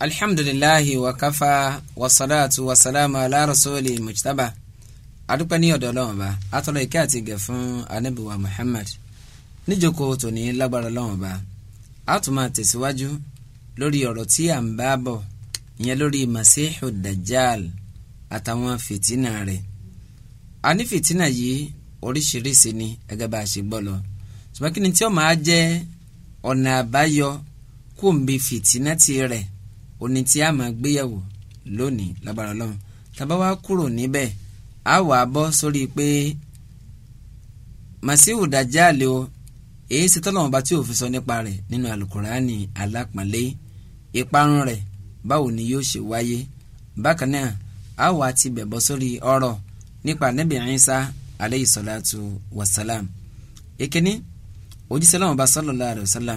alhamdulilahi wakafa wasalaatu wasalaamu ala rasuli mujtaba adúpẹ́ ní ọ̀dọ̀ Ọlọ́run ba atọrọ ìkẹ́ àti ìgẹ̀ fún anabiwa muhammad níjókòó tòní lágbára Ọlọ́run ba a tún máa tẹ̀síwájú lórí ọ̀rọ̀ tí à ń bá bọ̀ ìyẹn lórí masihu dajjal àtàwọn fìtínà rẹ̀ a fìtínà yìí oríṣiríṣi ni gẹ́gẹ́ bá a ṣe gbọ́ lọ ṣùgbọ́n kí ni tí ó máa jẹ́ ọ̀nà àbáyọ kó ń bi fìtínà ti rẹ̀ òní tí a máa gbéyàwó lónìí lágbára ọlọ́run tàbá wá kúrò níbẹ̀ a wà bọ́ sórí pé màsíwù dàjáàlì o èyí ṣe tọ́lọ́wọ́n bá tí ò fi sọ nípa rẹ̀ nínú alukurani alápọ̀nlé ìparun rẹ̀ báwo ni yóò ṣe wáyé bákan náà a wà ti bẹ̀bọ̀ sórí ọ̀rọ̀ nípa Nábì Ìsá aleyhi salatu wa salam ìkíní òjíṣẹ́ lọ́wọ́n bá sallallahu alaihi wa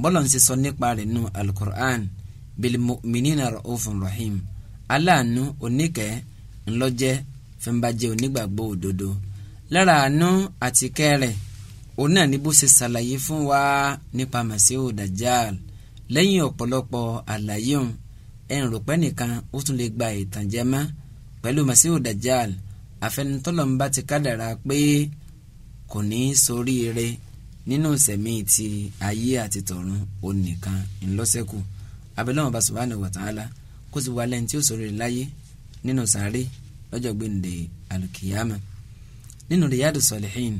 bọ́lọ̀ ń ṣe sọ nípa rẹ̀ nínú alukurani bilmu'minina ra'ufun rahim aláàánú oníkẹ́ ńlọ́jẹ́ fúnbàjẹ́ onígbàgbọ́ òdodo lára àánú àti kẹ́rẹ̀ òun náà ní bó ṣe ṣàlàyé fún wa nípa màsíhù dajjal lẹ́yìn ọ̀pọ̀lọpọ̀ àlàyé òun ẹ̀rùn ròpẹ́ nìkan ó tún lè gba ìtànjẹ mọ́ pẹ̀lú màsíhù dajjal àfẹnutọ́lọ́ ń ti kádàrá pé kò ní í soríire nínú ìsẹ̀mí ti ayé àti tọ̀run onìkan ńlọ́sẹ̀kù abẹ́lẹ́wọ̀n bá subhanahu wa ta'ala kó sì wà lẹ́yìn tí ó sọ̀rọ̀ rẹ̀ láyé nínú sàárè lọ́jọ́ gbẹ̀ǹde alùkìyàmà nínú riyadu salihin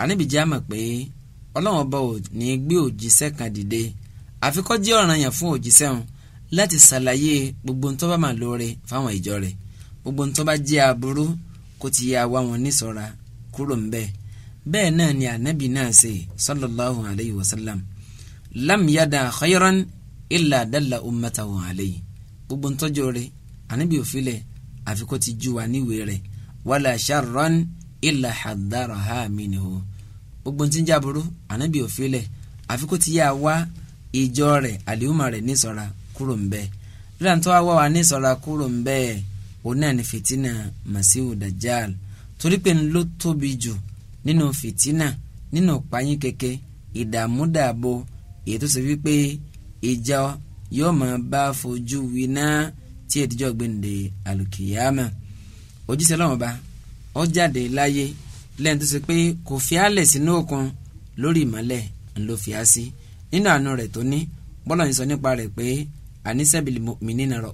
Ànábì jẹ́ àmọ̀ pé Ọlọ́hun bá ò ní gbé òjíṣẹ́ kan dìde àfi kó jẹ́ ọ̀ranyàn fún òjíṣẹ́ wọn láti ṣàlàyé gbogbo ǹ tó bá máa lóore fáwọn ìjọ rẹ̀ gbogbo ǹ tó jẹ́ aburú kó ti yà wá wọn níṣọ́ra kúrò ń bẹ́ẹ̀ bẹ́ẹ̀ náà ni Ànábì náà ṣe sallallahu alayhi wa lam yada khayran illa dalla ummatahu alayhi gbogbo ntọ́jọ́ rẹ̀ ànábì òfilẹ̀ àfikún ti ju wa níwèé rẹ̀ wala sharran illa haddaraha minhu gbogbo ntí ń jáboro ànábì òfilẹ̀ àfikún ti yá wa ìjọ rẹ̀ àlìhùmà rẹ̀ níṣọ́ra kúrò ń bẹ́ẹ̀ rírà tó wá wà níṣọ́ra kúrò ń bẹ́ẹ̀ òun náà ni fìtínà masihu dajjal torí pé ń tóbi jù nínú fìtínà nínú pààyàn kẹkẹ ìdààmúdàbò èyí tó ṣe wípé ìjọ yóò máa bá fojú winá tí ètijọ́ gbẹ̀ǹde àlùkìyàmà òjíṣẹ́ lọ́wọ́n ba ó jáde láyé lẹ́yìn tó ṣe pé kò fi álẹ̀ sínú òkun lórí ìmọ̀lẹ̀ ńlọ fi á sí nínú àánú rẹ̀ tó ní bọ́lá sọ nípa rẹ̀ pé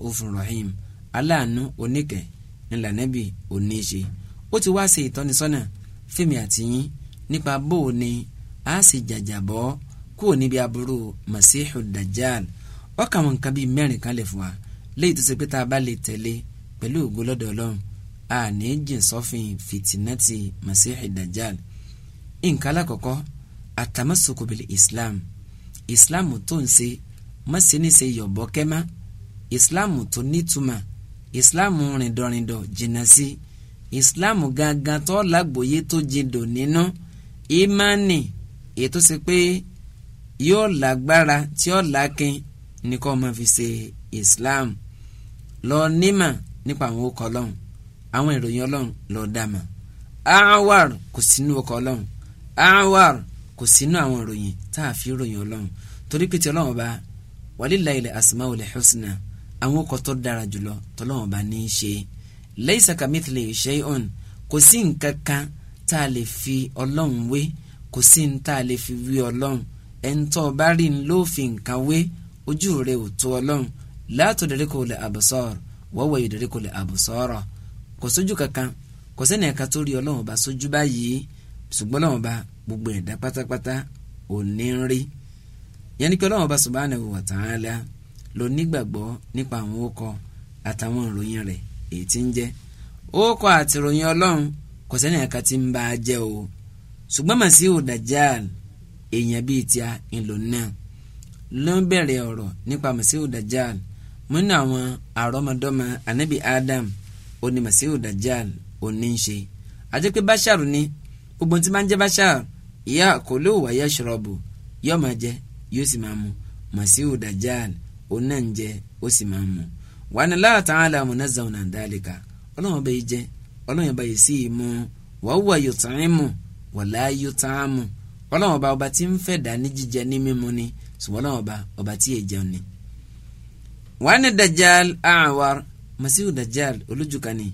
òfin rahim aláàánú ńlá oníṣe ó ti wá ìtọ́nisọ́nà àtìyín nípa bóò ni a sì jàjàbọ́ kúrò níbi aburú masihu dajjal ọkàn wọn nǹkan bíi mẹ́rin kan lè fún wa léyìí tó ṣe pé tá a bá lè tẹ̀lé pẹ̀lú ògo lọ́dọ̀ ọlọ́run a ní jìn sọ́fin fìtínàtì masihu dajjal nǹkan alákọ̀ọ́kọ́ atamasuku islam islam tó ń ṣe mọ́sẹ́ni yọ̀bọ kẹ́má islam tó nítumọ̀ islam rìndọ̀rìndọ̀ jìnnà sí islam gangan tó lágbòye tó jindò nínú ìmánì ètò ṣe pé yóò lágbára tí ó lákin ní kó máa fi ṣe Islam lọ nímà nípa àwọn okọ̀ ọlọ́run àwọn ìròyìn ọlọ́run lọ dàmà awar kò sínú okọ̀ ọlọ́run awar kò sínú àwọn ìròyìn tá a fi ròyìn ọlọ́run torí pé ti ọlọ́run ọba walillahi al-asmaul husna àwọn okọ̀ tó dára jùlọ tọ́lọ́run ọba ní í ṣe laysa kamithli shay'un kò sí nǹkan kan tá a lè fi ọlọ́run wé kò sí ní tá a lè fi wí ọlọ́run ẹ̀ńtọ́ bá rí n ló fi nǹkan wé ojú rẹ̀ ò tó ọlọ́run látò dẹ̀rẹ́ kò lè àbùsọ̀rọ̀ wọ́wọ́ yìí dẹ̀rẹ́ kò lè àbùsọ̀rọ̀ kò sójú kankan kò sẹ́ni ẹ̀ka tó rí ọlọ́run ọba sójú báyìí ṣùgbọ́n ọlọ́run ọba gbogbo ẹ̀dá pátápátá ò ní ń rí yẹn ni pé ọlọ́run ọba subhanahu wa ta'ala ló nígbàgbọ́ èèyàn bíi tíá ńlò náà ló ń bẹ̀rẹ̀ ọ̀rọ̀ nípa masihu dajjal mú ní àwọn àrọ́mọdọ́mọ anabi adam oní masihu dajjal oní ń ṣe àti pé báṣàrù ni gbogbo tí máa ń jẹ́ báṣàrù ìyá àkọlé òwà yẹ ṣọ̀rọ̀bù yóò máa jẹ yóò sì máa mu masihu dajjal oní náà ń jẹ ó sì máa mu wà ní Allah ta'ala munazzahun an dhalika ọlọ́run bẹ́ẹ̀ jẹ́ ọlọ́run bẹ́ẹ̀ sì mú wàá wà yóò tàn án mú wàlá yóò tàn mú ọlọ́run ọba ọba tí ń fẹ́ dá ní jíjẹ ní mímu ni ṣùgbọ́n ọlọ́run ọba ọba tí yẹ jẹun ni. wàá ní dajjal àwàr masihu dajjal olójúkan ni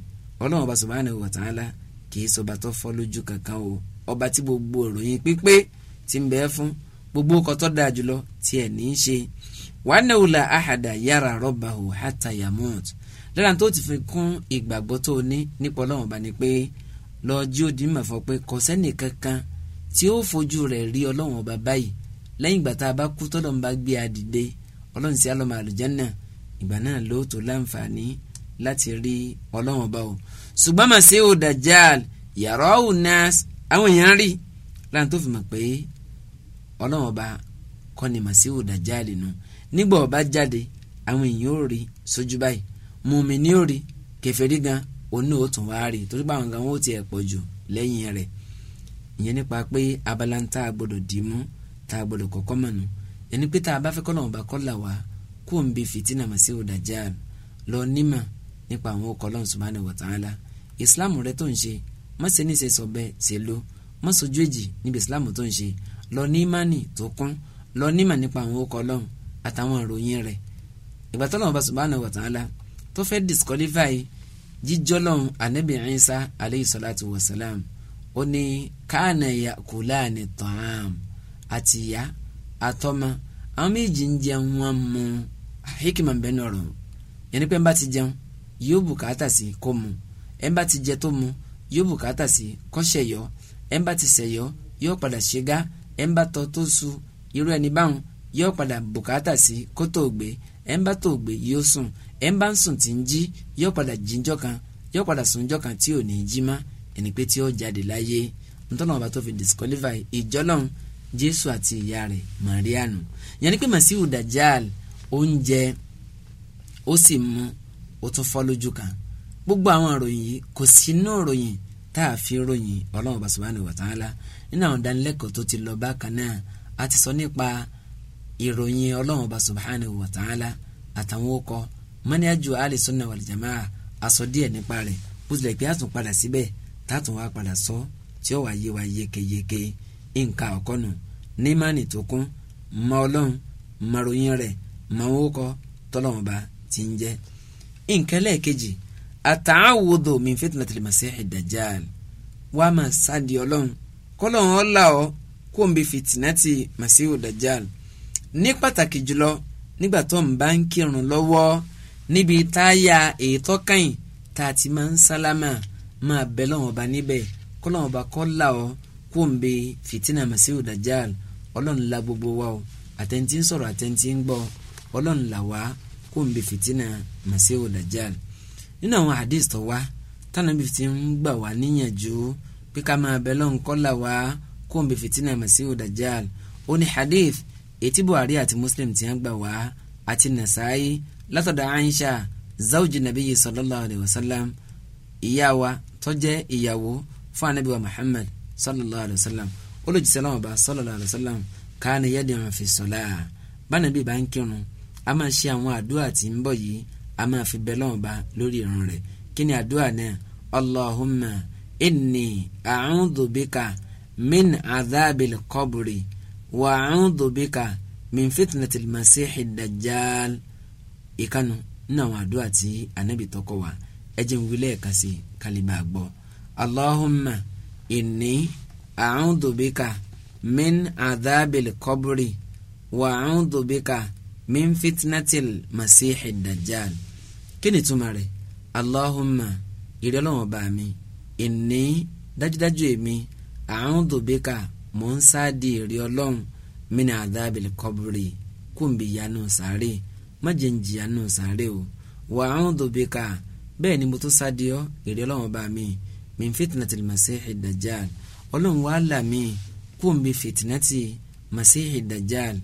ọlọ́run ọba subhanahu wa ta'ala kìí sọba tó fọ́ lójú kankan o ọba tí gbogbo òròyìn pípé ti ń bẹ fún gbogbo ọkọ̀ dáa jùlọ tí ní í ṣe wàá ní wùlà àhàdà yàrá rabbahu hatta yamut lọ́la tó ti fi kún ìgbàgbọ́ tó ní nípa ọlọ́run ọba ni pé lọ́ọ́ jí òdì mọ̀ fọ́ pé kò sẹ́nì kankan tí ó fojú rẹ̀ rí ọlọ́run ọba báyìí lẹ́yìn ìgbà tá a bá kú tọ́lọ́run bá gbé a dìde ọlọ́run sí alọ́mọ àlùjánà ìgbà náà ló tó láǹfààní láti rí ọlọ́run ọba o ṣùgbọ́n màsí o dajjal yàrá ò ná àwọn èèyàn rí láǹ tó fi mọ̀ pé ọlọ́run ọba kọ́ ni màsí o dajjal nù nígbà ọba jáde àwọn èèyàn ò rí sójú báyìí mùmí ni ó rí kẹfẹ́rí gan onú òtún wá rí torí báwọn gan wọn ò tiẹ̀ pọ̀ jù lẹ́yìn rẹ̀ ìyẹn nípa pé abala ń tá a gbọdọ̀ dì mú tá a gbọdọ̀ kọ́kọ́ mọ̀nù ẹni pé tá a bá fẹ́ kọ́nà ọba kọ́ là wá kó ń bi fìtínà mà sí òdàjà lọ nímà nípa àwọn ọkọ̀ Ọlọ́run subhanahu wa ta'ala ìsìláàmù rẹ tó ń ṣe má ṣe ní ṣe sọ̀bẹ ṣe ló má sojú èjì níbi ìsìláàmù tó ń ṣe lọ ní tó kún lọ nímà nípa àwọn ọkọ̀ Ọlọ́run àtàwọn ìròyìn rẹ̀ ìgbà tó Ọlọ́run bá subhanahu wa ta'ala tó fẹ́ disqualify jíjọ́ Ọlọ́run ànábì Ìsá alayhi salatu wa salam ó ní káànà yakulani ta'am àti ìyá àtọ́mọ àwọn méjì ń jẹun wọn mu hikima ń bẹ nọ̀rọ̀ yẹnni pé ń bá ti jẹun yóò bùkátà sí kó mu ẹ̀ ń bá ti jẹ tó mu yóò bùkátà sí kó ṣẹ̀yọ́ ẹ̀ ń bá ti ṣẹ̀yọ́ yóò padà ṣe gá ẹ̀ ń bá tọ́ tó su irú ẹni báwọn yóò padà bùkátà sí kó tó gbé ẹ̀ ń bá tó gbé yóò sùn ẹ̀ ń bá sùn tí ń jí yóò padà jíjọ́ kan yóò padà sùnjọ́ kan tí ò ní jí mọ́ ẹni pé tí ó jáde láyé ntọ́nà ọba tó fi disqualify ìjọlọ́run jésù àti ìyá rẹ̀ marianu yẹn ni pé masihu dajal oúnjẹ ó sì mú ó tún fọ́ lójú kan gbogbo àwọn ìròyìn yìí kò sínú ìròyìn tá a fi ròyìn ọlọ́run ọba subhanahu wa ta'ala nínú àwọn ìdánilẹ́kọ̀ọ́ tó ti lọ bákan náà a ti sọ nípa ìròyìn ọlọ́run ọba subhanahu wa àtàwọn okọ mọ́níyájú alẹ́ sunna wal jamaa díẹ̀ nípa rẹ̀ bó tilẹ̀ pé a tún padà síbẹ̀ tátùn wá padà sọ tí ó wà yé wa yékéyéké nǹkan ọ̀kọ́nù ní mánì tó kún mọ ọlọ́run mọ ròyìn rẹ̀ mọ orúkọ tọ́lọ́run bá ti ń jẹ́. nǹkan lẹ́ẹ̀kejì àtàwòdò min fitnatil masihid dajjal wàá máa sáàdì ọlọ́run kọ́lọ́run ọ̀la ọ kó n bí fìtínátì masihid dajjal ní pàtàkì jùlọ nígbà tó ń bá ń kírun lọ́wọ́ níbi táyà ètò kàn tá a ti máa ń sálámà máa bẹ lọ́wọ́n ọba níbẹ̀ kọ́ lọ́wọ́n ọba kọ́ là ọ́ kó ń bẹ fìtínà masihu dajjal ọlọ́run la gbogbo wa o àtẹ̀ntì ń sọ̀rọ̀ àtẹ̀ntì ń gbọ́ ọlọ́run là wá kó ń bẹ fìtínà masihu dajjal nínú àwọn hadith tó wá tánàbí ti ń gbà wá níyànjú pé ká máa bẹ lọ́wọ́n kọ́ là wá kó ń bẹ fìtínà masihu dajjal ó ní hadith ètí buhari àti muslim ti ń gbà wá àti nasaayi látọ̀dọ̀ aisha zawji nabiyyi sallallahu alayhi wa sallam ìyá wa tó jẹ́ ìyàwó fún anabi wa Muhammad sallallahu alayhi wa sallam olùjíṣẹ́ náà bá sallallahu alayhi wa sallam káàní yẹ́dì àwọn àfisọ́lá bánàbí bá ń kírun a máa ṣe àwọn àdúrà tí ń bọ̀ yìí a máa fi bẹ́ẹ̀ lọ́wọ́ bá lórí ìrun rẹ̀ kí ni àdúrà náà Allahumma inni a'udhu bika min adhabil qabri wa a'udhu min fitnatil masiihid dajjal ìkànnù nínú àwọn àdúrà tí anabi tọkọ wa ẹ jẹ́ n wí lẹ́ẹ̀kan sí kálíbà gbọ́ allahumma inni a'udhu bika min adhabil qabri wa a'udhu bika min fitnatil masihi dajjal kí ni túmọ̀ rẹ̀ allahumma ìrẹ́ ọlọ́wọ́n bá mi inni dájúdájú èmi a'udhu bika mò ń sáàdì ìrẹ́ ọlọ́run min adhabil qabri kùnbìyànù sàárè májèǹjìyànù sàárè o wa a'udhu bika bẹ́ẹ̀ ni mo tún sáde ọ́ èrè ọlọ́run ọba mi min fitnatil masihi dajjal ọlọ́run wàá là mí kó n bẹ fitnati masihi dajjal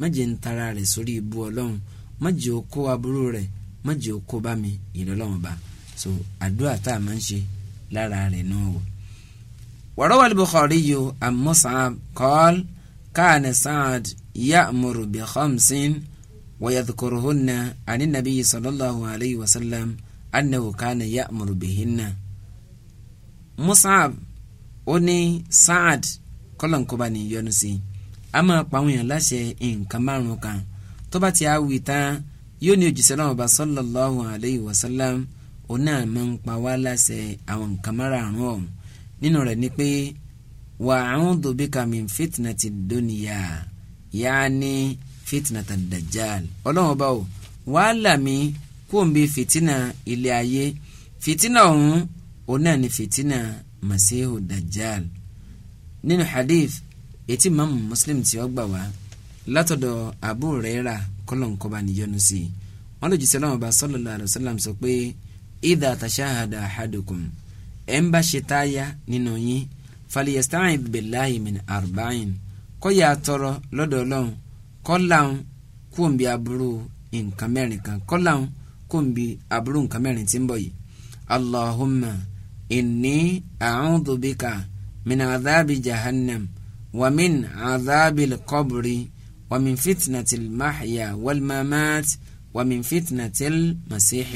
májè ń tara rẹ̀ sórí ibú ọlọ́run májè ó kó aburú rẹ̀ májè ó kó bá mi èrè ọlọ́run ọba so àdúrà tá a máa ń ṣe lára rẹ̀ náà wò. wàrọ̀wà al-Bukhari yo amusab kọ́l káàní Sa'ad ya'muru bi khamsin wàyàtùkùrùhùnà àní nàbíyí sallallahu alayhi wa sallam annahu kana ya'muru bihinna Mus'ab ó ní Sa'ad kọ́lọ̀nkọ́ba ní yọnu sí a máa pa àwọn èèyàn láṣẹ nǹkan márùn kan tó bá ti á wí tán yóò ní òjíṣẹ́ náà ọba sallallahu alayhi wa sallam òun náà máa ń pa wá láṣẹ àwọn nǹkan márùn ọ̀hún nínú rẹ̀ ni pé wa a'udhu bika min fitnati dunya yaani fitnata dajjal ọlọ́run ọba o wàhálà mi kúrò ń bi fìtínà ilé ayé fìtínà ọ̀hún òun náà ni fìtínà masihu dajjal nínú hadith etí maamu muslim tí ó gbà wá látọ̀dọ̀ abu rẹ́ra kọ́lọ̀nkọ́ba níyọnu sí i wọ́n lòdì sẹ́lẹ̀ ọba sallallahu alaihi sọ pé idha tashahada ahadukum ẹ̀ ń bá ṣe táyà nínú yín falyasta'id billahi min arba'in kó yà á tọrọ lọ́dọ̀ ọlọ́run kó láwọn aburú nǹkan mẹ́rin kan kó láwọn kóńbi aburú nǹkan mẹ́rin tí ń bọ̀ yìí allahumma inni a'udhu bika min àdàbí jahannam wa min àdàbí al wa min fitnati al-mahya wal-mamat wa min fitnati al-masih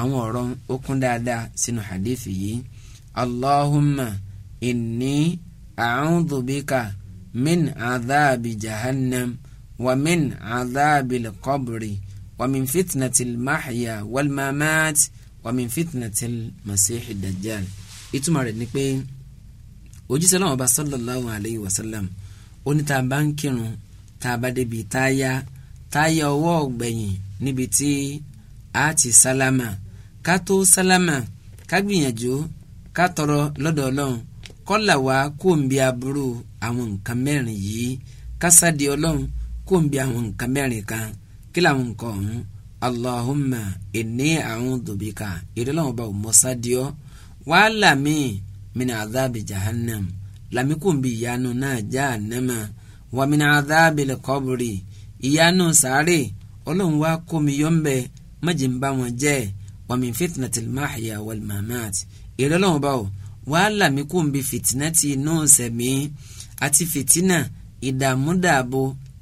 àwọn ọ̀rọ̀ ó kún dáadáa sínú hadith yìí allahumma inni a'udhu bika min àdàbí jahannam wa min àdàbí al wàmín fitnatil mahya walmamat wàmín fitnatil masihi dajjal ìtumọ̀ rẹ̀ ni pé òjíṣẹ́ náà ọba sallallahu alayhi wa sallam ó ní tá a bá ń kírun tá a bá débi táyà táyà ọwọ́ ọ̀gbẹ̀yìn níbi tí a ti sálámà ká tó sálámà ká gbìyànjú ká tọrọ lọ́dọ̀ kí làwọn nǹkan ọ̀hún allahumma inni a'udhu bika ìrẹ́lọ́wọ́n bá mọ́ sádìọ́ wàá làmì mina adábi jahannam làmì kò ń bi ìyanu náà jahannama wà mina adábi lẹ́kọ́bùrì ìyanu sáré ọlọ́run wá kó mi yọ́ mbẹ́ májì ń bá wọn jẹ́ wà min fitnatil mahya wal mamat ìrẹ́lọ́wọ́n bá wàá làmì kò ń bi fìtínàtì inú sẹ̀mí àti fìtínà ìdààmúdààbò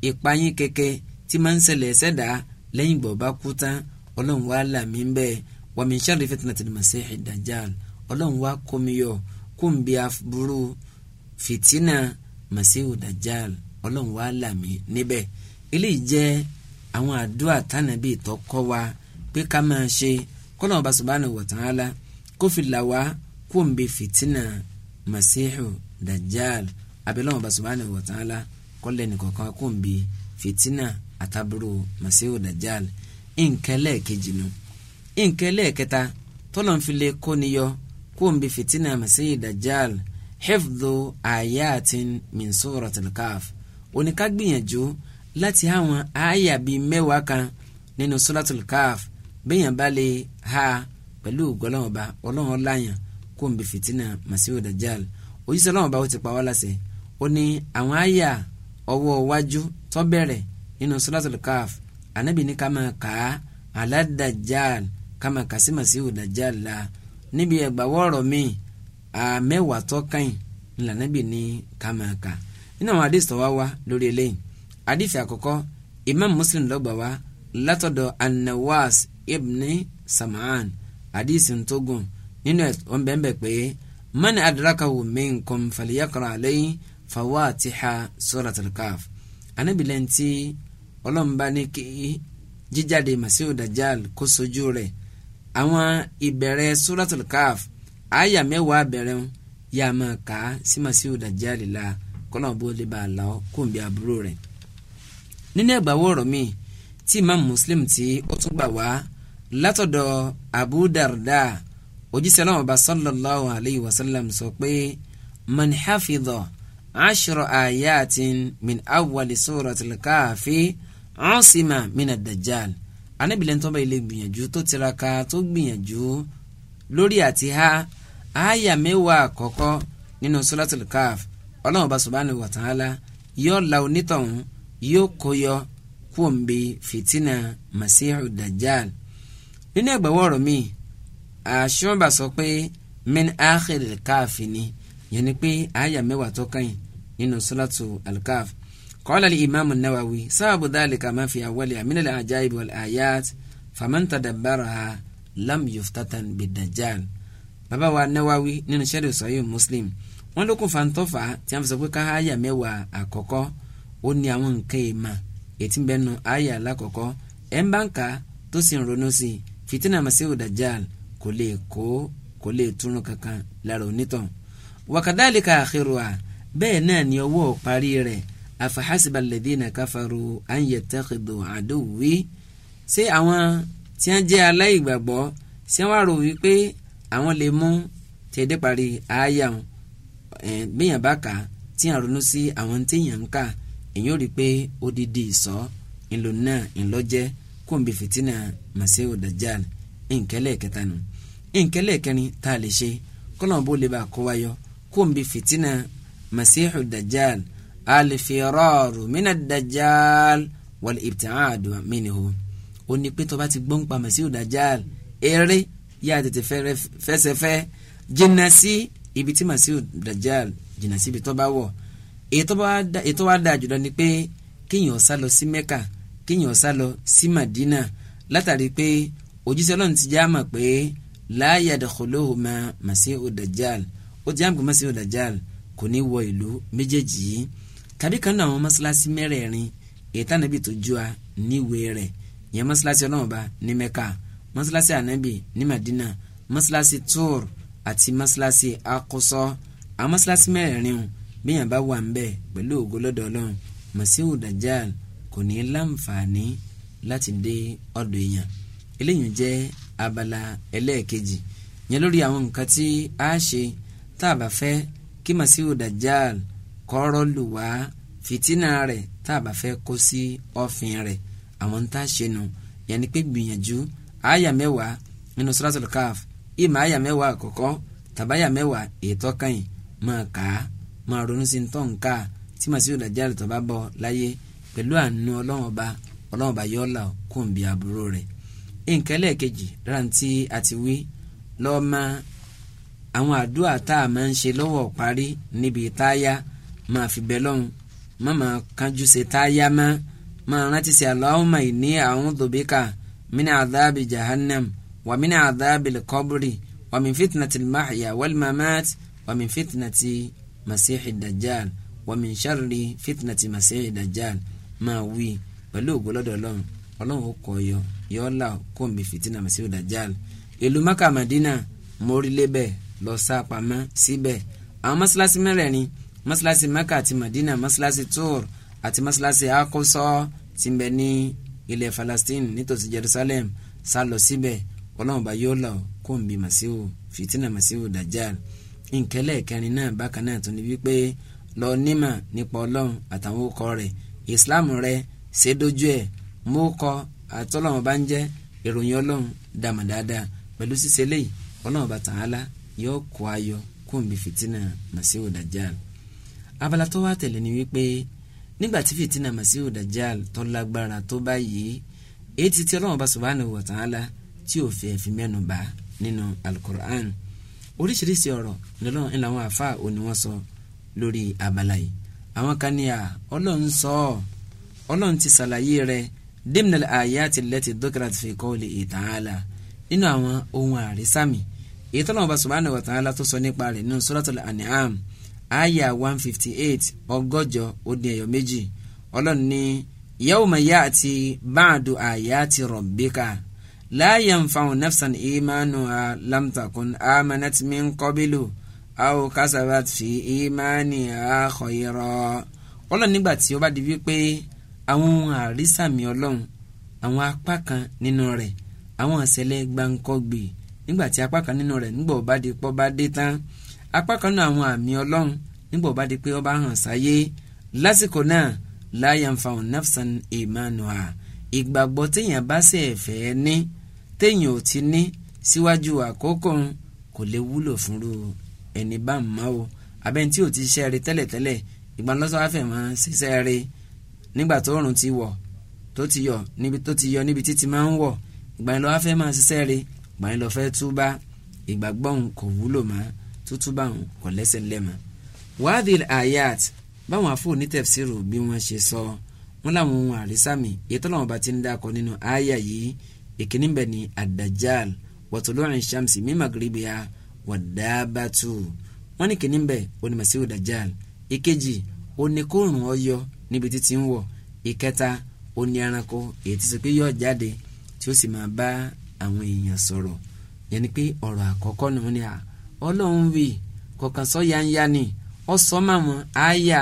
ìpayín kẹ̀kẹ́ tí máa ń ṣẹlẹ̀ ṣẹ̀dá lẹ́yìn ìgbà ọba kú tán ọlọ́run wá là mí bẹ́ẹ̀ wa min sharri fitnatil masihid dajjal ọlọ́run wá kó mi yọ kó n bí aburú fìtínà masihu dajjal ọlọ́run wá là mí níbẹ̀ eléyìí jẹ́ àwọn àdúrà tánàbí ìtọ́kọ́ wa pé ká máa ṣe kọ́nà ọba subhanahu wa ta'ala kó fi là wá kó n bí fìtínà masihu dajjal abẹ́lẹ́ ọba subhanahu wa ta'ala kọ́lẹ́ nìkọ̀ọ̀kan kó n bí fìtínà àtàbúrò masihu dajal nǹkan lẹ́ẹ̀kejì nu nǹkan lẹ́ẹ̀kẹta tọ́lọ̀ ń file kóniyọ kó n bí fitina masihu dajjal hifdhu ayatin min suratil kaf oníkàgbìyànjú láti àwọn àyà bíi mẹ́wàá kan nínú suratul kaf bẹ́yàn bá ha pẹ̀lú ògbọ́lọ́wọ́ba ọlọ́wọ́n láyàn kó n bí fitina masihu dajjal òjíṣẹ́ ọlọ́wọ́ba ó ti pa wá láṣẹ ó ní àwọn àyà ọwọ́ wájú nínú suratul Kahf anabi ní ká máa kà á ala Dajjal ká máa kà sí la níbi ẹgbà wọ́ọ̀rọ̀ mi a tọ́kàn ńlá anabi ní ká máa kà nínú àwọn hadith tó wá wá lórí eléyìí hadith Imam Muslim ló wa wá látọ̀dọ̀ An-Nawas ibn Sam'an hadith ntógùn nínú ẹ̀ wọ́n bẹ́ẹ̀ bẹ́ẹ̀ pé man adrakahu minkum falyaqra alayhi fawatiha suratul Kahf anabi lẹ́ntì ọlọ́run bá ní kí jíjáde masiu dajjal kó sojú rẹ̀ àwọn ìbẹ̀rẹ̀ suratul kaf àyà mẹ́wàá bẹ̀rẹ̀ ń yá a máa kà á sí masiu dajjal la kọ́nà bó lè bá a lọ kó n bí àbúrò rẹ̀. nínú ẹ̀gbàwọ́ ọ̀rọ̀ mi tí imam muslim tí ó tún gbà wá látọ̀dọ̀ abu darda òjíṣẹ́ náà bá sallallahu alayhi wa sallam sọ pé man hafidha ashra ayatin min awwali suratul kafi asima mina dajjal anábìlẹ̀ ntọ́ba ilé gbìyànjú tó tiraka tó gbìyànjú lórí àti ha àyà mẹ́wàá àkọ́kọ́ nínú suratul kaf ọlọ́run ọba subhanahu wa ta'ala yóò la onítọ̀hún yóò kóyọ kúòmbe fìtínà masihu dajjal nínú ẹgbẹ̀wọ́ ọ̀rọ̀ mi àṣọ́ba sọ pé min akhir al-kafi ni yẹn ni pé àyà mẹ́wàá tó kàn yín nínú suratul kaf قال الإمام النووي سبب ذلك ما في أولها من العجائب والآيات فمن تدبرها لم يفتتن بالدجال بابا wa Nawawi nínú مسلم. sọ́yìn Muslim wọ́n ló kún fàǹtọ́fà tí wọ́n fi sọ pé ká àyà mẹ́wàá àkọ́kọ́ ó ní àwọn nǹkan èèmà ètí ń bẹnu àyà alákọ̀ọ́kọ́ ẹ̀ ń bá ń kà tó sì ń ronú sí i fìtínà Masihu Dajjal kò lè kó kò lè túrun kankan lára onítàn. wa kadhalika akhiruha bẹ́ẹ̀ náà ni ọwọ́ parí rẹ̀ afahasiba alladhina kafaru an yattakhidhu aduwwi ṣé àwọn tí wọ́n jẹ́ aláìgbàgbọ́ ṣé wọ́n rò wípé àwọn lè mú tẹ̀dẹ́ parí àáyá wọn gbìyàn bá kà tí à ń ronú sí àwọn téèyàn ń kà èyàn ò rí i pé odidi ìsọ ńlò náà ńlọjẹ kó n màsíwò dajjal nkẹlẹ kẹta nù nkẹlẹ kẹrin tá a lè ṣe kọlọmọ lè bá kó wáyọ kó n bí fìtínà màsíwò dajjal alifiraru mina dajjal wal ibtiadu minhu ó ní pé tó bá ti gbọ́n pa mẹ́sí dajjal eré yá tètè fẹsẹ̀fẹ́ jìnnà sí ibi tí mẹ́sí dajjal jìnnà sí ibi tó bá wọ̀ ètò wa dáa jùlọ ni pé kéèyàn sá lọ sí mẹ́kà kéèyàn sá lọ sí madina látàrí pé òjíṣẹ́ ọlọ́run ti já mọ̀ pé láàyè àdàkọ́lóhùn màsí òdàjàl ó ti já mọ̀ pé màsí òdàjàl kò ní wọ ìlú méjèèjì yìí tàbí kan náà àwọn mọ́ṣáláṣí mẹ́rẹ̀ẹ̀rin èyí tí ànábì tó jù a níwèé rẹ̀ yẹn mọ́ṣáláṣí ọlọ́mọba ní mẹ́ka mọ́ṣáláṣí ànábì ní madina mọ́ṣáláṣí tóòr àti mọ́ṣáláṣí akọ́sọ́ àwọn mọ́ṣáláṣí mẹ́rẹ̀ẹ̀rin o bíyàn bá wà ńbẹ pẹ̀lú ògo lọ́dọ̀ ọlọ́run masihu dajjal kò ní láǹfààní láti dé ọ̀dọ̀ èèyàn eléyìí jẹ́ abala ẹlẹ́ẹ̀kejì yẹn lórí àwọn nǹkan tí a ṣe tá a bá fẹ́ kí masihu dajjal kọ́rọ́ lù wá fìtínà rẹ̀ tá a bá fẹ́ kó sí ọ̀fìn rẹ̀ àwọn tá a ṣe nù yẹn ni pé gbìyànjú àyà mẹ́wàá nínú Suratul Kahf ìmọ̀ àyà mẹ́wàá àkọ́kọ́ tàbáyà mẹ́wàá ètò kàyìn máa kà á máa ronú sí ntọ́ nǹka tí Masihu Dajjal tó bá bọ̀ láyé pẹ̀lú àánú Ọlọ́run Ọba Ọlọ́run Ọba yọ́ọ́là kò ń bi àbúrò rẹ̀ nǹkan lẹ́ẹ̀kejì lára tí a ti wí lọ́ọ́ máa àwọn àdúrà tá a máa ń ṣe lọ́wọ́ parí níbi táyà máa fi bẹ lọ́hùn má máa kánjú ṣe táyà má máa rántí sí Allahumma inni a'udhu bika min adhabi jahannam wa min adhabi al-qabri wa min fitnati al-mahya wal-mamat wa min fitnati masihi dajjal wa min sharri fitnati masihi dajjal máa wí pẹ̀lú ògbólọ́dọ̀ ọlọ́run ọlọ́run ó kọ yọ yọ ọ́ là kó mi fìtínà masihi dajjal ìlú Maka mórílẹ̀ bẹ́ẹ̀ lọ sá pamọ́ síbẹ̀ àwọn mọ́ṣáláṣí mẹ́rẹ̀ẹ̀rin mọ́sálásí mẹ́kà àti madina mọ́sálásí tóòr àti mọ́sálásí akọ́sọ́ ti ń bẹ ní ilẹ̀ falastin nítòsí jerusalem sá lọ síbẹ̀ ọlọ́run bá yóò lọ kó n bí màsíwò fìtínà màsíwò dajjal nkẹlẹ kẹrin náà bákan náà tó ní wípé lọ nímà nípa ọlọ́run àtàwọn ọkọ rẹ̀ islam rẹ̀ ṣe dojú ẹ̀ mú kọ àtọ́lọ́run ń jẹ́ ìròyìn ọlọ́run dàmà pẹ̀lú ṣíṣe léyìí ọlọ́run tàn án lá yóò kó ayọ̀ kó n bí fìtínà màsíwò dajjal abala tó wá tẹ̀lé ni wípé nígbà tí fìtínà Masihu Dajjal tó lágbára tó báyìí èyí tí Ọlọ́run bá subhanahu wa ta'ala tí ò fẹ́ fi mẹ́nu bà nínú alukur'an oríṣiríṣi ọ̀rọ̀ lọ́lọ́ ńlá wọn àfa òní wọn sọ lórí abala yìí àwọn kan ní à Ọlọ́run sọ ọ́ Ọlọ́run ti ṣàlàyé rẹ̀ dimnal ayati lẹ́tì dókítàtì fi kọ́ọ̀lì ìtàhálà nínú àwọn ohun àrísàmì èyí tí Ọlọ́run bá subhanahu wa ta'ala tó sọ nípa rẹ̀ nínú suratul an'am àyà one fifty eight ọgọ́jọ ó dín ẹyọ méjì ọlọ́run ní yawma ya'ti ba'du ayati rabbika la yanfa'u nafsan imanuha lam takun amanat min qablu aw kasabat fi imaniha khayra ọlọ́run nígbà tí ó bá di wípé àwọn ohun àrísàmì ọlọ́run àwọn apá kan nínú rẹ̀ àwọn ìṣẹ̀lẹ̀ gbàǹkọ́gbè nígbà tí apá kan nínú rẹ̀ nígbà ó bá di pọ́ bá dé tán apá kan náà àwọn àmì ọlọ́run nígbà ó bá di pé ó bá hàn sáyé lásìkò náà láyàǹfà nafsan emmanuwa ìgbàgbọ́ téèyàn bá sì fẹ́ ní téèyàn ò ti ní síwájú àkókò kò lè wúlò fúnru ẹni bá ń mọ́ o abẹ́ni tí ò ti ṣe rí tẹ́lẹ̀tẹ́lẹ̀ ìgbanlọ́sọ̀ afẹ́ máa ṣiṣẹ́ rí nígbà tó oòrùn ti wọ̀ tó ti yọ níbi tó ti yọ níbi títí máa ń wọ̀ ìgbanlọ́ afẹ́ máa ṣiṣẹ́ rí ìgbanlọ́ fẹ́ túbá ìgbàgbọ́ kò wúlò mọ́ tútú báwọn kò lẹ́sẹ̀ lẹ́mọ̀. wàhádìí ayat báwọn afọ onítẹ̀fsíìrù bí wọ́n ṣe sọ wọn làwọn ohun àrísàmì ètò làwọn bá ti ń dákọ nínú àyà yìí ìkíní bẹ̀ ni àdàjàl wàtúlọ́rin sàmsì mí màgìrìbìyà wàdàbàtù wọn ní kíní bẹ̀ onímọ̀síwò dàjàl ìkejì oníkóòrùn ọyọ níbi títí ń wọ̀ ìkẹta oní ẹranko èyí ti sọ pé yóò jáde tí ó sì máa bá àwọn èèyàn sọ̀rọ̀ yẹn ni pé ọ̀rọ̀ àkọ́kọ́ ni ọlọ́run wì kọ̀ọ̀kan sọ yanya ni ọ sọ màmú àyà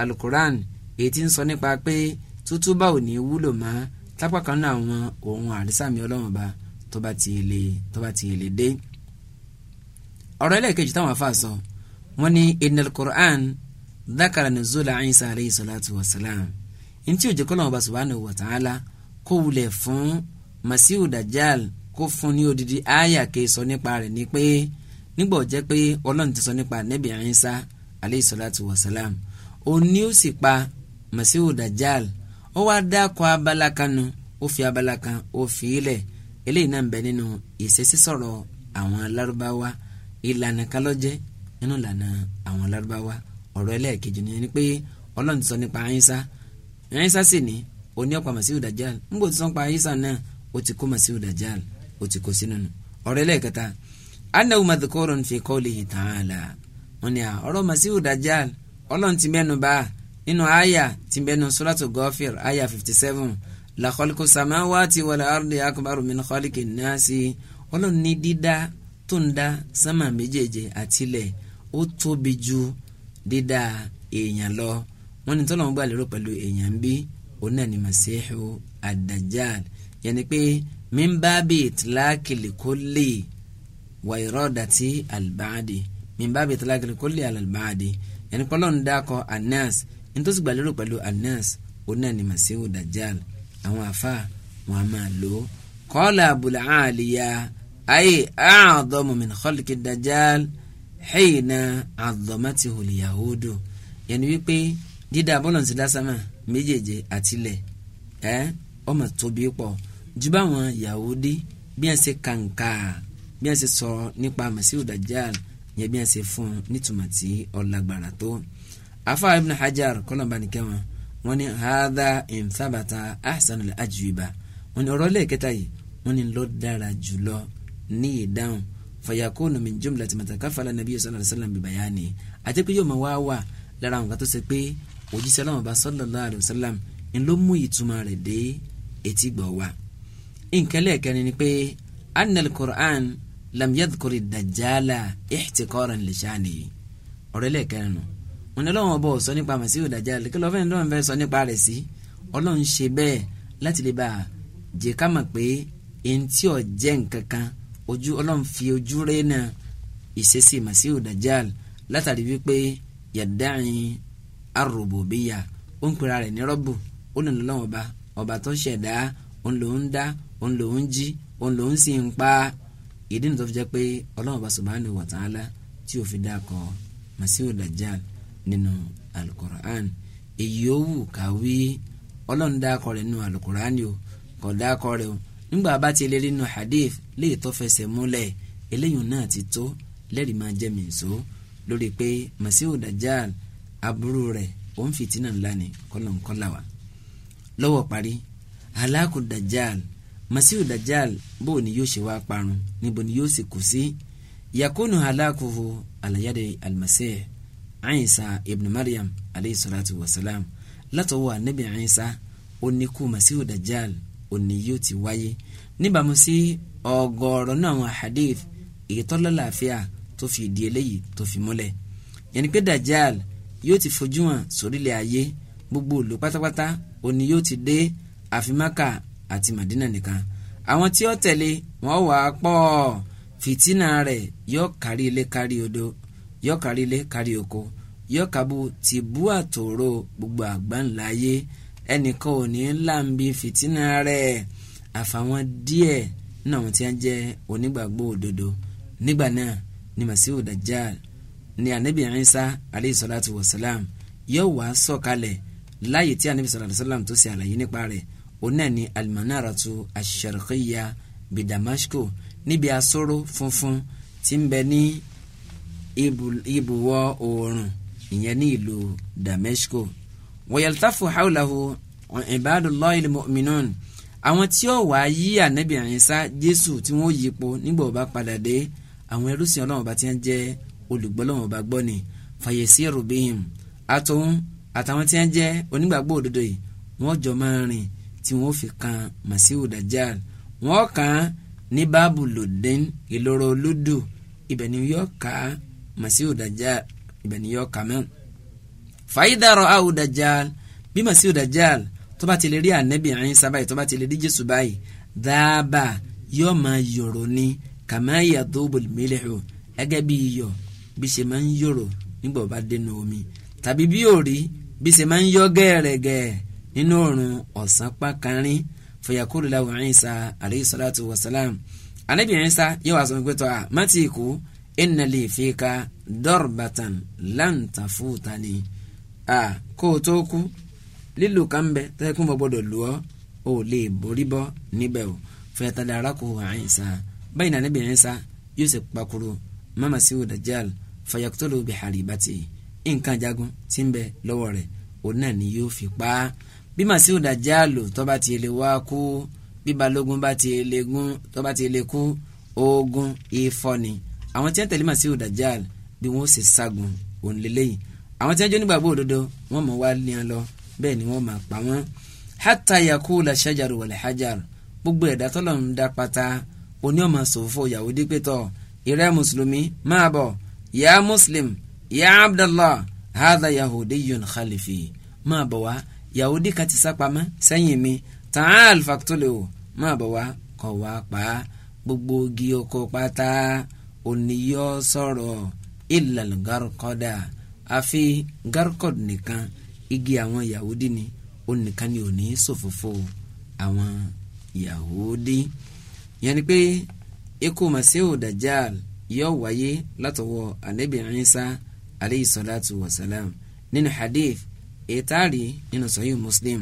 alukuran èyí tí ń sọ nípa pé tútúbà ò ní wúlò mọ́ lápá kan náà àwọn ohun àrísàmì ọlọ́run bá tó bá ti lè tó bá ti dé. ọ̀rọ̀ ẹlẹ́ẹ̀kejì táwọn afa sọ wọ́n ní inal Qur'an dákàrà ní zola Isa aleyhi salatu wa salam ntí òjò kọ́ lọ́wọ́ bá subhanahu wa ta'ala kó wulẹ̀ fún Masihu Dajjal kó fún ní odidi aya kì í sọ nípa rẹ̀ ni pé. Pe, nígbà ó jẹ́ pé ọlọ́run ti sọ nípa nẹ́bí Ìsá aleyhi salatu wa salam òní ó sì pa Masihu Dajjal ó wá dákọ̀ abala kanu ó fi abala kan ó fi ilẹ̀ eléyìí náà ń bẹ nínú ìṣesí sọ̀rọ̀ àwọn alárúbáwá ìlànà kan ló jẹ́ nínú ìlànà àwọn alárúbáwá ọ̀rọ̀ ẹlẹ́ẹ̀kejì ni ni pé ọlọ́run ti sọ nípa Ìsá Ìsá sì ní ó pa Masihu Dajjal nígbà ó ti sọ nípa Ìsá náà ó ti kó Masihu Dajjal ó ti kó sínú ọ̀rọ̀ ẹlẹ́ẹ̀kẹta annahu madhkurun fi qawlihi ta'ala wọ́n ní à ah, ọ̀rọ̀ masihu dajjal ọlọ́run ti mẹ́nu bá nínú àyà ti mẹ́nu suratu Ghafir àyà fifty seven la khalqu samawati wala ardi akbaru min khalqin nasi ọlọ́run ní dídá tó ń dá sámà méjèèje àtilẹ̀ ó tóbi ju dídá èèyàn lọ wọ́n ní tọ́lọ́run gbà lérò pẹ̀lú èèyàn ń bí òun náà ni masihu ad-dajjal pé min babi itlaqil kulli wà ìrọ̀dàtì àlùbáàdì mìíràn bá bìtàlá kiri kó lè àlùbáàdì ẹni pọ́lọ́ ń dákọ̀ anas nítòsí gbàlérò pẹ̀lú anas oní ànìmọ̀síwò dajjal àwọn àfa wọn a máa lò ó kọ́lá abul aliya ayé àádọ́mù min khalqi dajjal hìnà àdọ́mátì hùlì yahudu yẹni wípé dídá bọ́lọ̀nsì lásàmà méjèèjì àtìlẹ̀ ẹ́ ọmọ tóbi pọ̀ jù báwọn yahudi bí wọ́n ṣe kàǹkà bí a ṣe sọ nípa Masihu Dajjal yẹn bí a ṣe fún un nítumọ̀ tí ọ̀làgbàrà tó afa Ibn Hajar kọlọ̀bánikẹ́ wọn wọn ni hadha ìmfàbàtà ahsanul ajwiba wọn ni ọ̀rọ̀ lẹ́ẹ̀kẹta yìí wọn ni ló dára jùlọ ní ìdáhùn fayakunu min jumlati matakafala nabiyyu sallallahu alaihi wasallam bibayani àti pé yóò máa wá wà lára nǹkan tó ṣe pé òjíṣẹ́ ọlọ́run ọba sallallahu alaihi mú ìtumọ̀ rẹ̀ dé etí gbọ̀ wá. nǹkan lẹ́ẹ̀kẹrin ni pé anna al-Qur'an lam yadhkuri dajala, ihtikoran li shani ọ̀rẹ́ lẹ́ẹ̀kẹrin wọn ni ọlọ́run ọba sọ nípa màsíhù dajjal kí lọ́fẹ́ ní ọ̀nfẹ́ sọ nípa rẹ̀ sí ọlọ́run ṣe bẹ́ẹ̀ láti lè bá a jẹ́ ká mọ̀ pé ẹni tí ò jẹ́ nǹkan kan ojú ọlọ́run fi ojú rẹ̀ náà ìṣesí màsíhù dajjal látàrí wípé yàdáyìn arrububiya ó ń pera rẹ̀ ní rọ́bù ó ní ọlọ́run ọba ọba tó ṣẹ̀dá òun lòún dá òun lòún jí òun lòún sì ń pa ìdí nìtọ́ fi jẹ́ pé ọlọ́run bá subhanahu wa ta'ala tí ó fi dá kọ Masihu Dajjal nínú alukur'an èyí ó wù káwí ọlọ́run dá kọ rẹ̀ nínú alukur'an yìí ó dá kọ rẹ̀ ó nígbà bá ti lè nínú hadith léè tó fẹsẹ̀ múlẹ̀ eléyìí náà ti tó lẹ́rìí máa jẹ́ mìíṣó lórí pé Masihu Dajjal aburú rẹ̀ ó ń fìtínà ńlá ni kọ́nà ńkọ́là wa lọ́wọ́ parí alákùn masiu Dajal bó ni yóò ṣe wá parun níbo ni yóò sì kù sí yakunu halakuhu alayade almasih ayinsa ibn maryam aleyhi salatu wa salam látọwọ́ anabi ayinsa oníkú masiu dajjal òní yóò ti wáyé níbàámu sí ọgọ́rọ̀ náà àwọn hadith ìtọ́lọ́láàfíà tó fi ìdí eléyìí tó fi múlẹ̀ yẹnni pé dajjal yóò ti fojú hàn sórílẹ̀ ayé gbogbo òlò pátápátá yóò ti dé àfi àti Madina nìkan àwọn tí ó tẹ̀lé wọn wà á pọ̀ fìtínà rẹ̀ yóò kárí ilé kárí odò yóò kárí ilé kárí oko yóò kábù ti bú àtòrò gbogbo àgbáńlá ayé ẹnìkan ò ní láǹbi fìtínà rẹ̀ àfàwọn díẹ̀ nínú àwọn tí wọ́n jẹ́ onígbàgbọ́ òdodo nígbà náà ni Masihu dajal, ni anabi Isa aleyhi salatu wa salam yóò wá sọ̀kalẹ̀ láyé tí anabi salatu wa salam tó ṣe àlàyé nípa rẹ̀ òun náà ni almanaratu asharqiya bi Damasco níbi asóró funfun tí ń bẹ ní ibùwọ̀ oòrùn ìyẹn ní ìlú Damasco wọ̀yẹ̀ltáfù hawlahu ibadullahi almu'minun àwọn tí ó wàá yí ànábì Ìsá Jésù tí wọ́n yípo nígbà ó bá padà dé àwọn ẹrúsìn Ọlọ́run bá ti ń jẹ́ olùgbọ́lọ́wọ́n bá gbọ́ ni fàyèsí rubihim àtòun àtàwọn tí wọ́n jẹ́ onígbàgbọ́ òdodo yìí wọ́n jọ máa rìn tí wọ́n fi kan masihu dajjal wọ́n kàn ní báàbù lòdìn ìloro olódò ibẹ̀ ni yóò ká masihu dajjal ibẹ̀ ni yóò kà mọ́. fàyídàrọ̀ àwù dajjal bí masihu dajjal tó bá ti lè rí ànábì Ìsá báyìí tó bá ti lè rí jésù báyìí dábàá yóò máa yòrò ni kàmáyà dóbòlì mílíọ̀ ẹgẹ́ bí iyọ̀ bí ṣe máa ń yòrò nígbà ó bá dénú omi tàbí bí òrí bí ṣe máa ń yọ gẹ́ẹ̀rẹ́gẹ́ẹ̀ nínú oòrùn ọ̀sán pákánrín fayakulu la Isa alayhi salatu wa salam anabi Isa yóò wá sọ pé tọ́ a má ti kú inna li fika dọ́rbatan lan tafutani a kó o tó kú lílù kan bẹ tẹ́kùn bọ́ gbọ́dọ̀ lù ọ́ ò lè borí bọ́ níbẹ̀ o fẹ̀tàdà arákò Isa báyìí nàní bìnrin yóò sì pakuru mama siwu dajjal fayakutolo bi haribati nǹkan jagun tí ń bẹ lọ́wọ́ rẹ̀ òun náà ni yóò fi pa á bí màsíù dàjálù tó bá ti lè wá kú bí balógun bá ti lè gún tó ti lè kú ogun ìfọ̀nì àwọn tí wọ́n tẹ̀lé màsíù dàjálù bí wọ́n sì sagun òun lélẹ́yìn àwọn tí wọ́n jẹ́ onígbàgbọ́ òdodo wọ́n mọ̀ wá líyan lọ bẹ́ẹ̀ ni wọ́n máa pa wọ́n hátà yakú la ṣájàrú wàlẹ̀ hájàrú gbogbo ẹ̀dá tọ́lọ̀ ń dá pátá oní ọmọ sòfò Yahudi pẹ́tọ́ ìrẹ́ mùsùlùmí máa bọ̀ yá muslim yá abdallah hádà yahudiyun khalifi máa bọ̀ wá Yahudi kan ti sá pamọ́ sẹ́yìn mi ta'al faqtuluhu máa bọ̀ wá kọ̀ wá pa á gbogbo igi oko pátá oníyọ́ sọ̀rọ̀ illal garqada àfi garqad nìkan igi àwọn Yahudi ni ó nìkan ni ò ní ṣòfófó àwọn Yahudi yẹn ni pé ikú Masihu Dajjal yóò wáyé látọwọ́ anabi Isa aleyhi salatu wa salam nínú hadith ètàrí nínú sahih muslim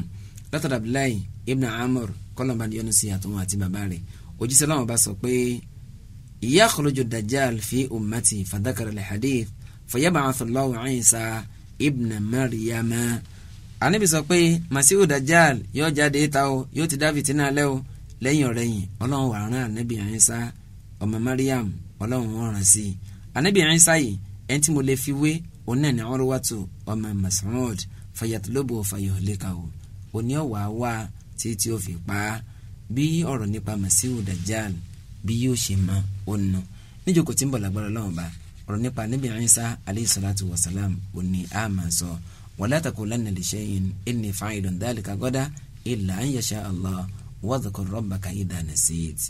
látọ̀dọ̀ abdullahi ibn amr kọ́lọ́mbà ni yọ́nù sí àtúnwò àti bàbá rẹ̀ òjíṣẹ́ láwọn bá sọ pé yakhruju dajjal fi ummati fadhakara al-hadith fayab'athu Allahu Isa ibn maryama anabi sọ pé masihu dajjal yóò jáde ta o yóò ti dá fìtínà lẹ́ o lẹ́yìn ọ̀rẹ́yìn ọlọ́run wà rán anabi Isa ọmọ maryam ọlọ́run wọ́n rán sí anabi Isa yìí ẹni tí mo lè fi wé òun náà ní ọmọ Mas'ud fayatolobo fayohlekawo òní ọ̀wà wá títí ó fi pa á bí ọ̀rọ̀ nípa masihu dajjal bí yóò ṣe mọ ọ̀nà níjókòó tí ń bọ̀ lágbára lọ́wọ́ bá ọ̀rọ̀ nípa Ànábì Ìsá alayhi salatu wa salam òní a máa sọ wala taqulanna li shay'in inni fa'ilun dhalika ghadan illa an yasha Allah wa dhkur rabbaka idha nasit.